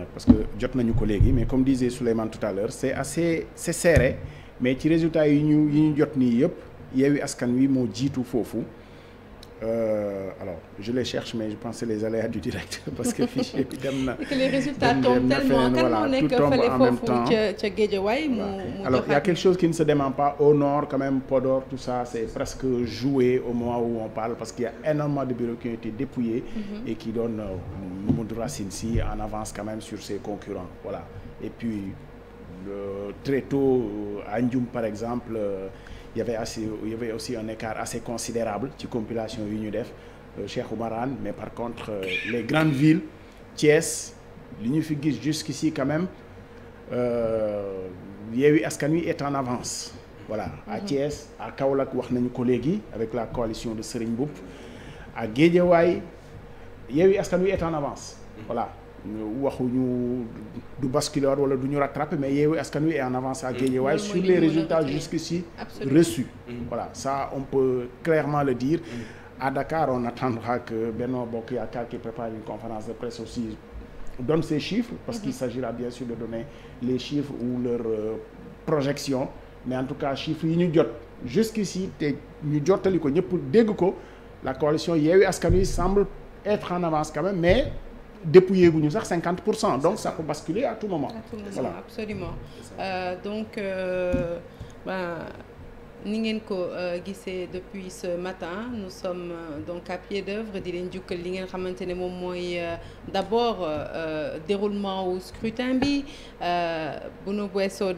nag parce que jot nañu ko léegi mais comme disait Souleymane tout à c'est assez c'est serré mais ci résultat yi ñu yi jot nii yëpp Yewwi Askan Wi moo jiitu foofu Euh, alors je les cherche mais je pense c'est les aléas du direct parce que fichier bi dem na. que les résultats tombent tellement kan moo nekk fële foofu ca ca Guédiawaye mu mu alors a quelque chose qui ne se dément pas au nord quand même Podor tout ça c'est presque joué au mois où on parle parce qu'il y a énormément de bureaux qui Mamadou Racine Sy en avance quand même sur ses concurrents voilà et puis euh, très tôt euh, à Ndioum par exemple euh, il y avait assez il aussi un écart assez considérable ci compilation yu ñu def euh, Cheikh Oumar Anne mais par contre les grandes villes Thiès li ñu fi gis jusqu'ici quand même Yewwi Askan Wi est en avance voilà à mhm. Thiès à Kaolack wax nañu ko léegi avec la coalition de Serigne Mboup à Yewwi est en avance mm-hmm. voilà waxuñu du basculer wala du ñu rattraper mais Yewwi Askan Wi est en avance à mm-hmm. Guédiawaye sur les résultats jusqu'ici reçus mm-hmm. voilà ça on peut clairement le dire à Dakar on attendra que Benno Bokk Yaakaar qui prépare une conférence de presse aussi donne ses chiffres parce qu'il s'agira bien sûr de donner les chiffres ou leur euh, projection mais en tout cas chiffres yi ñu jot jusqu'ici te ñu jottali ko ñëpp dégg ko la coalition Yewwi Askan Wi être en avance quand mais dépouillé gu ñu sax cinquante pour cent donc ça peut basculer a tout moment. À tout moment voilà absolument euh, donc euh, ni ngeen ko euh, gisee depuis ce matin nous sommes donc à pied d'œuvre di leen jukkal li ngeen xamante ne moom mooy d'abord euh, déroulement wu scrutin bi bu nu weesoo